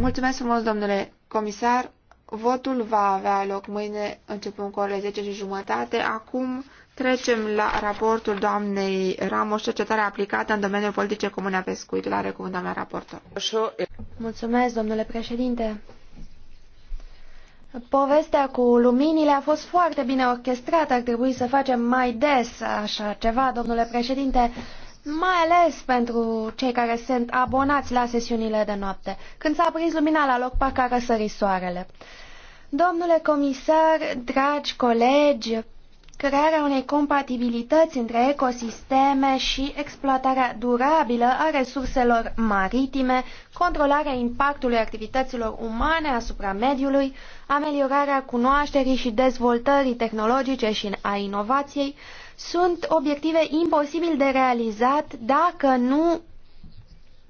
Mulțumesc frumos, domnule comisar. Votul va avea loc mâine, începând cu orele 10 și jumătate. Acum trecem la raportul doamnei Ramos, cercetarea aplicată în domeniul politice comune a pescuitului. Are cuvânt doamna raportor. Mulțumesc, domnule președinte. Povestea cu luminile a fost foarte bine orchestrată, ar trebui să facem mai des așa ceva, domnule președinte mai ales pentru cei care sunt abonați la sesiunile de noapte. Când s-a prins lumina la loc, parcă a răsărit soarele. Domnule comisar, dragi colegi, crearea unei compatibilități între ecosisteme și exploatarea durabilă a resurselor maritime, controlarea impactului activităților umane asupra mediului, ameliorarea cunoașterii și dezvoltării tehnologice și a inovației, sunt obiective imposibil de realizat dacă nu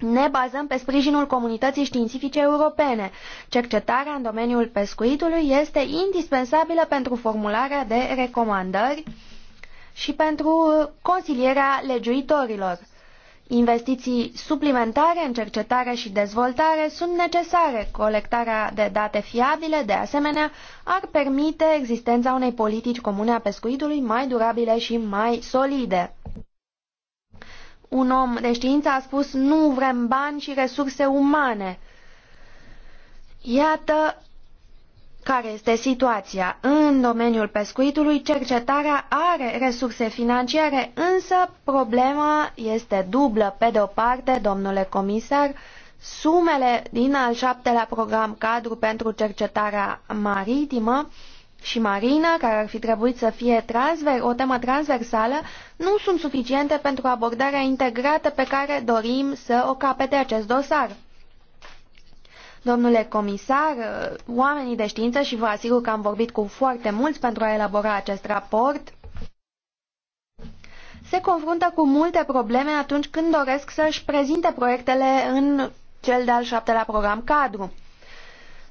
ne bazăm pe sprijinul comunității științifice europene. Cercetarea în domeniul pescuitului este indispensabilă pentru formularea de recomandări și pentru consilierea legiuitorilor. Investiții suplimentare în cercetare și dezvoltare sunt necesare. Colectarea de date fiabile, de asemenea, ar permite existența unei politici comune a pescuitului mai durabile și mai solide. Un om de știință a spus nu vrem bani și resurse umane. Iată care este situația. În domeniul pescuitului, cercetarea are resurse financiare, însă problema este dublă. Pe de o parte, domnule comisar, sumele din al șaptelea program cadru pentru cercetarea maritimă și marină, care ar fi trebuit să fie transver, o temă transversală, nu sunt suficiente pentru abordarea integrată pe care dorim să o capete acest dosar. Domnule comisar, oamenii de știință și vă asigur că am vorbit cu foarte mulți pentru a elabora acest raport, se confruntă cu multe probleme atunci când doresc să-și prezinte proiectele în cel de-al șaptelea program cadru.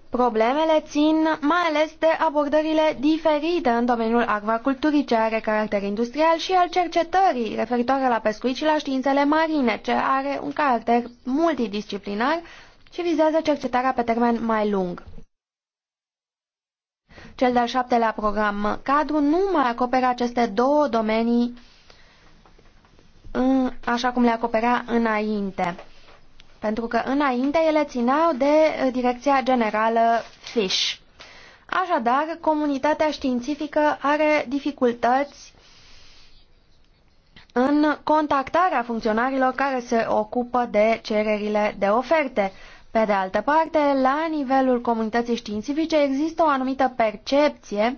Problemele țin mai ales de abordările diferite în domeniul acvaculturii, ce are caracter industrial, și al cercetării referitoare la pescuit și la științele marine, ce are un caracter multidisciplinar și vizează cercetarea pe termen mai lung. Cel de-al șaptelea program cadru nu mai acoperă aceste două domenii așa cum le acoperea înainte pentru că înainte ele țineau de eh, Direcția Generală FISH. Așadar, comunitatea științifică are dificultăți în contactarea funcționarilor care se ocupă de cererile de oferte. Pe de altă parte, la nivelul comunității științifice există o anumită percepție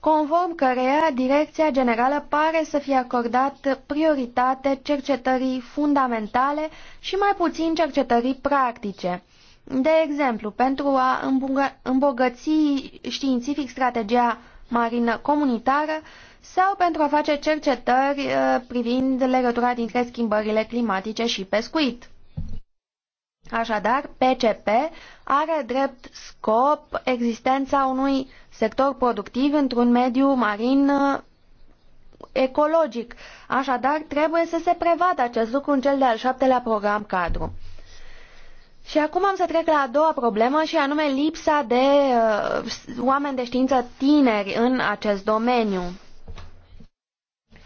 conform căreia Direcția Generală pare să fie acordat prioritate cercetării fundamentale și mai puțin cercetării practice. De exemplu, pentru a îmbogăți științific strategia marină comunitară sau pentru a face cercetări uh, privind legătura dintre schimbările climatice și pescuit. Așadar, PCP are drept scop existența unui sector productiv într-un mediu marin uh, ecologic. Așadar, trebuie să se prevadă acest lucru în cel de-al șaptelea program cadru. Și acum am să trec la a doua problemă și anume lipsa de uh, oameni de știință tineri în acest domeniu.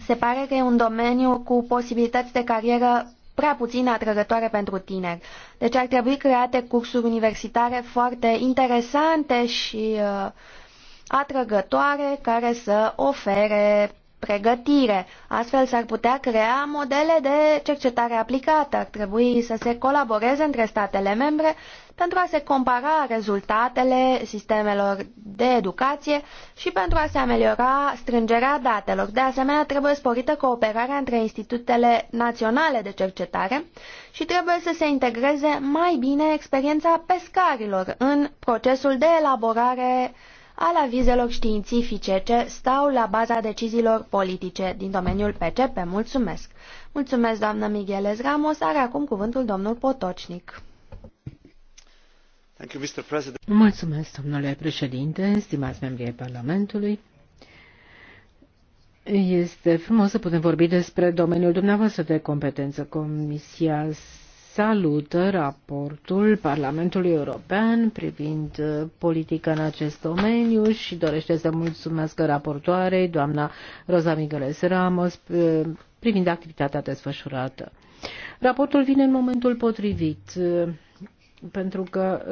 Se pare că e un domeniu cu posibilități de carieră prea puțin atrăgătoare pentru tineri. Deci ar trebui create cursuri universitare foarte interesante și uh, atrăgătoare care să ofere pregătire. Astfel s-ar putea crea modele de cercetare aplicată. Ar trebui să se colaboreze între statele membre pentru a se compara rezultatele sistemelor de educație și pentru a se ameliora strângerea datelor. De asemenea, trebuie sporită cooperarea între institutele naționale de cercetare și trebuie să se integreze mai bine experiența pescarilor în procesul de elaborare al avizelor științifice ce stau la baza deciziilor politice din domeniul PCP. Mulțumesc! Mulțumesc, doamnă Migueles Ramos. Are acum cuvântul domnul Potocnic. Mulțumesc, domnule președinte, stimați membrii Parlamentului. Este frumos să putem vorbi despre domeniul dumneavoastră de competență. Comisia salută raportul Parlamentului European privind uh, politica în acest domeniu și dorește să mulțumesc raportoarei, doamna Rosa Migueles Ramos, uh, privind activitatea desfășurată. Raportul vine în momentul potrivit, uh, pentru că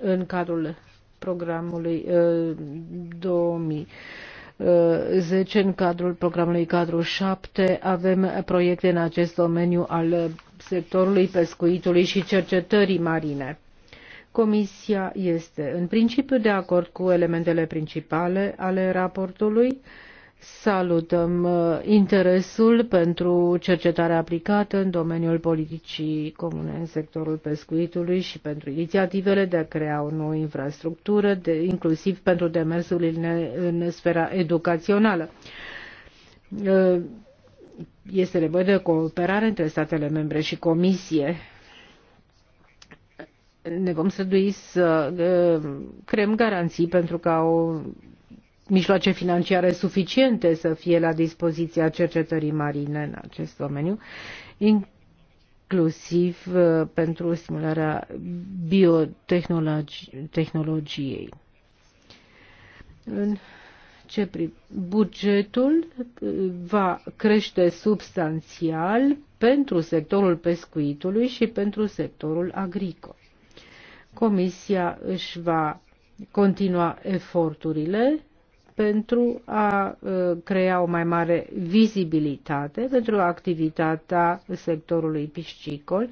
în cadrul programului 2000 10 în cadrul programului cadru 7 avem proiecte în acest domeniu al sectorului pescuitului și cercetării marine. Comisia este în principiu de acord cu elementele principale ale raportului. Salutăm uh, interesul pentru cercetarea aplicată în domeniul politicii comune în sectorul pescuitului și pentru inițiativele de a crea o nouă infrastructură, de, inclusiv pentru demersurile în, în sfera educațională uh, este nevoie de cooperare între statele membre și Comisie. Ne vom strădui să creăm garanții pentru ca o mijloace financiare suficiente să fie la dispoziția cercetării marine în acest domeniu, inclusiv pentru stimularea biotehnologiei ce pri... bugetul uh, va crește substanțial pentru sectorul pescuitului și pentru sectorul agricol. Comisia își va continua eforturile pentru a uh, crea o mai mare vizibilitate pentru activitatea sectorului piscicol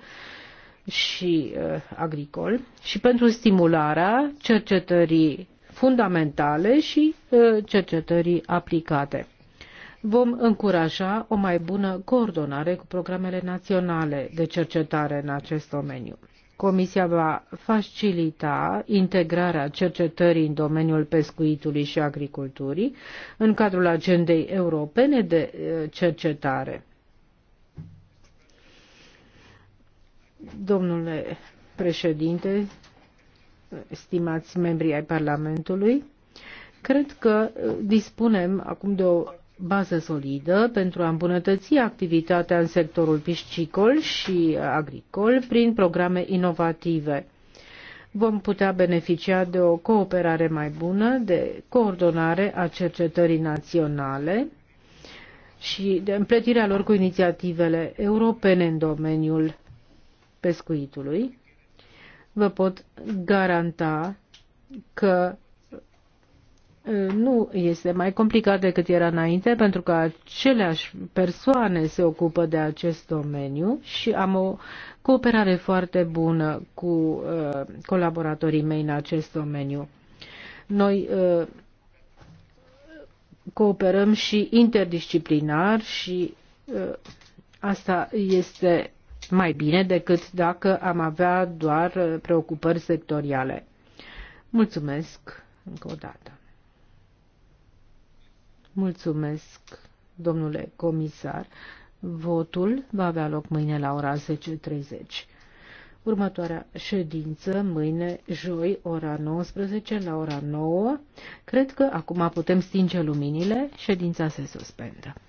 și uh, agricol și pentru stimularea cercetării fundamentale și uh, cercetării aplicate. Vom încuraja o mai bună coordonare cu programele naționale de cercetare în acest domeniu. Comisia va facilita integrarea cercetării în domeniul pescuitului și agriculturii în cadrul agendei europene de uh, cercetare. Domnule președinte, stimați membri ai Parlamentului. Cred că uh, dispunem acum de o bază solidă pentru a îmbunătăți activitatea în sectorul piscicol și agricol prin programe inovative. Vom putea beneficia de o cooperare mai bună, de coordonare a cercetării naționale și de împletirea lor cu inițiativele europene în domeniul pescuitului vă pot garanta că nu este mai complicat decât era înainte, pentru că aceleași persoane se ocupă de acest domeniu și am o cooperare foarte bună cu uh, colaboratorii mei în acest domeniu. Noi uh, cooperăm și interdisciplinar și uh, asta este mai bine decât dacă am avea doar uh, preocupări sectoriale. Mulțumesc încă o dată. Mulțumesc, domnule comisar. Votul va avea loc mâine la ora 10.30. Următoarea ședință, mâine, joi, ora 19, la ora 9. Cred că acum putem stinge luminile. Ședința se suspendă.